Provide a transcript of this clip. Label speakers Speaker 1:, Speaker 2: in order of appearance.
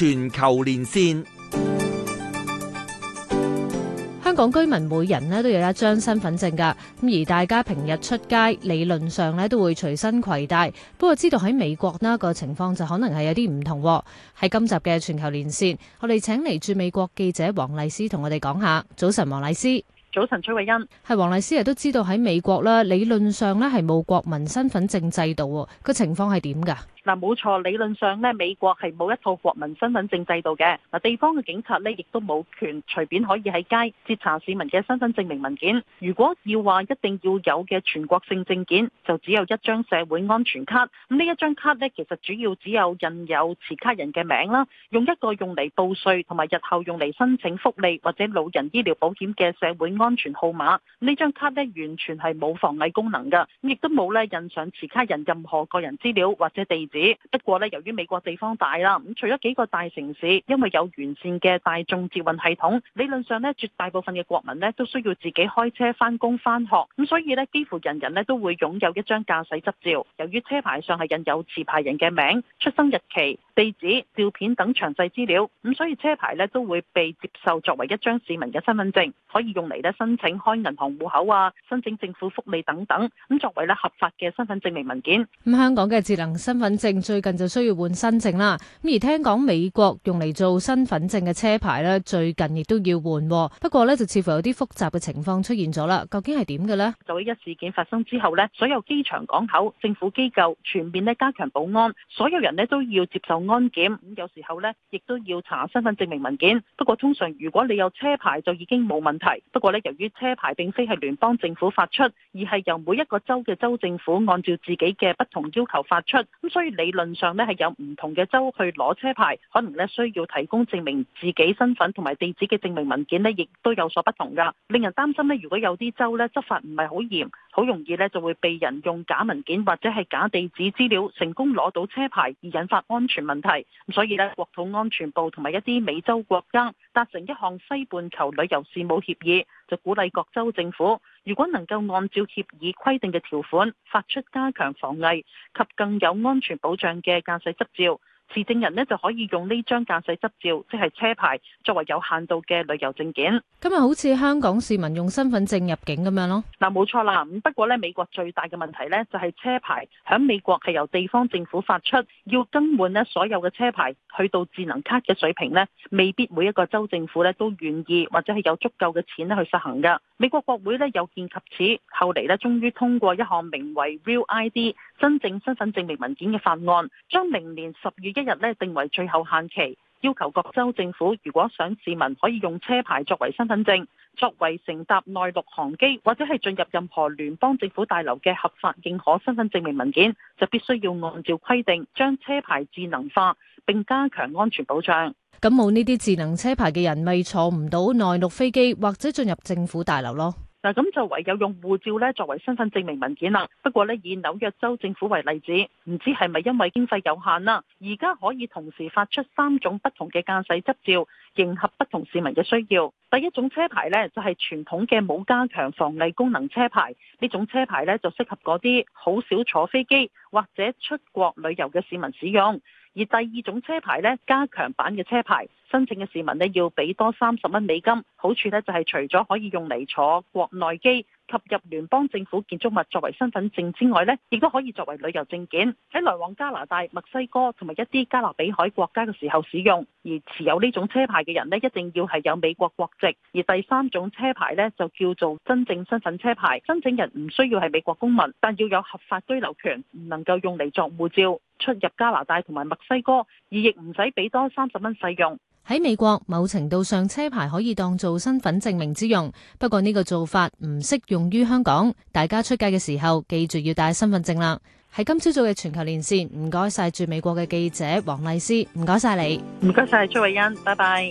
Speaker 1: 全球連線，香港居民每人咧都有一張身份證噶，咁而大家平日出街，理論上咧都會隨身攜帶。不過知道喺美國呢個情況就可能係有啲唔同喎。喺今集嘅全球連線，我哋請嚟駐美國記者黃麗施同我哋講下。早晨麗施，黃麗施。早晨，崔蔚恩。係黃麗施亦都知道喺美國啦，理論上咧係冇國民身份證制度，個情況係點噶？
Speaker 2: 嗱冇錯，理論上咧，美國係冇一套國民身份證制度嘅。嗱，地方嘅警察呢，亦都冇權隨便可以喺街截查市民嘅身份證明文件。如果要話一定要有嘅全國性證件，就只有一張社會安全卡。咁呢一張卡呢，其實主要只有印有持卡人嘅名啦，用一個用嚟報稅同埋日後用嚟申請福利或者老人醫療保險嘅社會安全號碼。呢張卡呢，完全係冇防偽功能㗎。亦都冇呢印上持卡人任何個人資料或者地。不過咧，由於美國地方大啦，咁除咗幾個大城市，因為有完善嘅大眾捷運系統，理論上咧，絕大部分嘅國民咧都需要自己開車返工返學，咁所以咧幾乎人人咧都會擁有一張駕駛執照。由於車牌上係印有持牌人嘅名、出生日期、地址、照片等詳細資料，咁所以車牌咧都會被接受作為一張市民嘅身份證。可以用嚟呢申請開銀行戶口啊、申請政府福利等等，咁作為呢合法嘅身份證明文件。
Speaker 1: 咁香港嘅智能身份證最近就需要換新證啦。咁而聽講美國用嚟做身份證嘅車牌呢，最近亦都要換。不過呢就似乎有啲複雜嘅情況出現咗啦。
Speaker 2: 究竟係點嘅呢？就喺一事件發生之後呢，所有機場港口、政府機構全面呢加強保安，所有人呢都要接受安檢。咁有時候呢亦都要查身份證明文件。不過通常如果你有車牌就已經冇問題。不過咧，由於車牌並非係聯邦政府發出，而係由每一個州嘅州政府按照自己嘅不同要求發出，咁所以理論上咧係有唔同嘅州去攞車牌，可能咧需要提供證明自己身份同埋地址嘅證明文件咧，亦都有所不同㗎，令人擔心咧，如果有啲州咧執法唔係好嚴。好容易呢，就會被人用假文件或者係假地址資料成功攞到車牌，而引發安全問題。所以呢，國土安全部同埋一啲美洲國家達成一項西半球旅遊事務協議，就鼓勵各州政府，如果能夠按照協議規定嘅條款發出加強防偽及更有安全保障嘅駕駛執照。持證人呢就可以用呢張駕駛執照，即係車牌，作為有限度嘅旅遊證件。
Speaker 1: 今日好似香港市民用身份證入境
Speaker 2: 咁樣咯。嗱，冇錯啦。不過呢，美國最大嘅問題呢，就係車牌喺美國係由地方政府發出，要更換呢所有嘅車牌去到智能卡嘅水平呢，未必每一個州政府呢都願意或者係有足夠嘅錢呢去實行㗎。美國國會呢，有見及此，後嚟呢，終於通過一項名為 Real ID 真正身份證明文件嘅法案，將明年十月一日呢定為最後限期，要求各州政府如果想市民可以用車牌作為身份證，作為乘搭內陸航機或者係進入任何聯邦政府大樓嘅合法認可身份證明文件，就必須要按照規定將車牌智能化，並加強安全保障。咁冇呢啲
Speaker 1: 智能車牌嘅人，咪坐唔到內陸飛機或者進入政府大樓咯？
Speaker 2: 嗱，咁就唯有用護照咧，作為身份證明文件啦。不過咧，以紐約州政府為例子，唔知係咪因為經費有限啦，而家可以同時發出三種不同嘅駕駛執照，迎合不同市民嘅需要。第一種車牌咧，就係傳統嘅冇加強防偽功能車牌，呢種車牌咧就適合嗰啲好少坐飛機或者出國旅遊嘅市民使用。而第二種車牌呢，加強版嘅車牌，申請嘅市民呢，要俾多三十蚊美金，好處呢，就係除咗可以用嚟坐國內機，及入聯邦政府建築物作為身份證之外呢，亦都可以作為旅遊證件，喺來往加拿大、墨西哥同埋一啲加勒比海國家嘅時候使用。而持有呢種車牌嘅人呢，一定要係有美國國籍。而第三種車牌呢，就叫做真正身份車牌，申請人唔需要係美國公民，但要有合法居留權，唔能夠用嚟作護照。出入加拿大同埋墨西哥，而亦唔使俾多三十蚊費用。喺美
Speaker 1: 國，某程度上車牌可以當做身份證明之用，不過呢個做法唔適用於香港。大家出街嘅時候，記住要帶身份證啦。喺今朝早嘅全球連線，唔該晒駐美國嘅記者黃麗施，唔該晒你，唔該晒崔蔚恩，拜拜。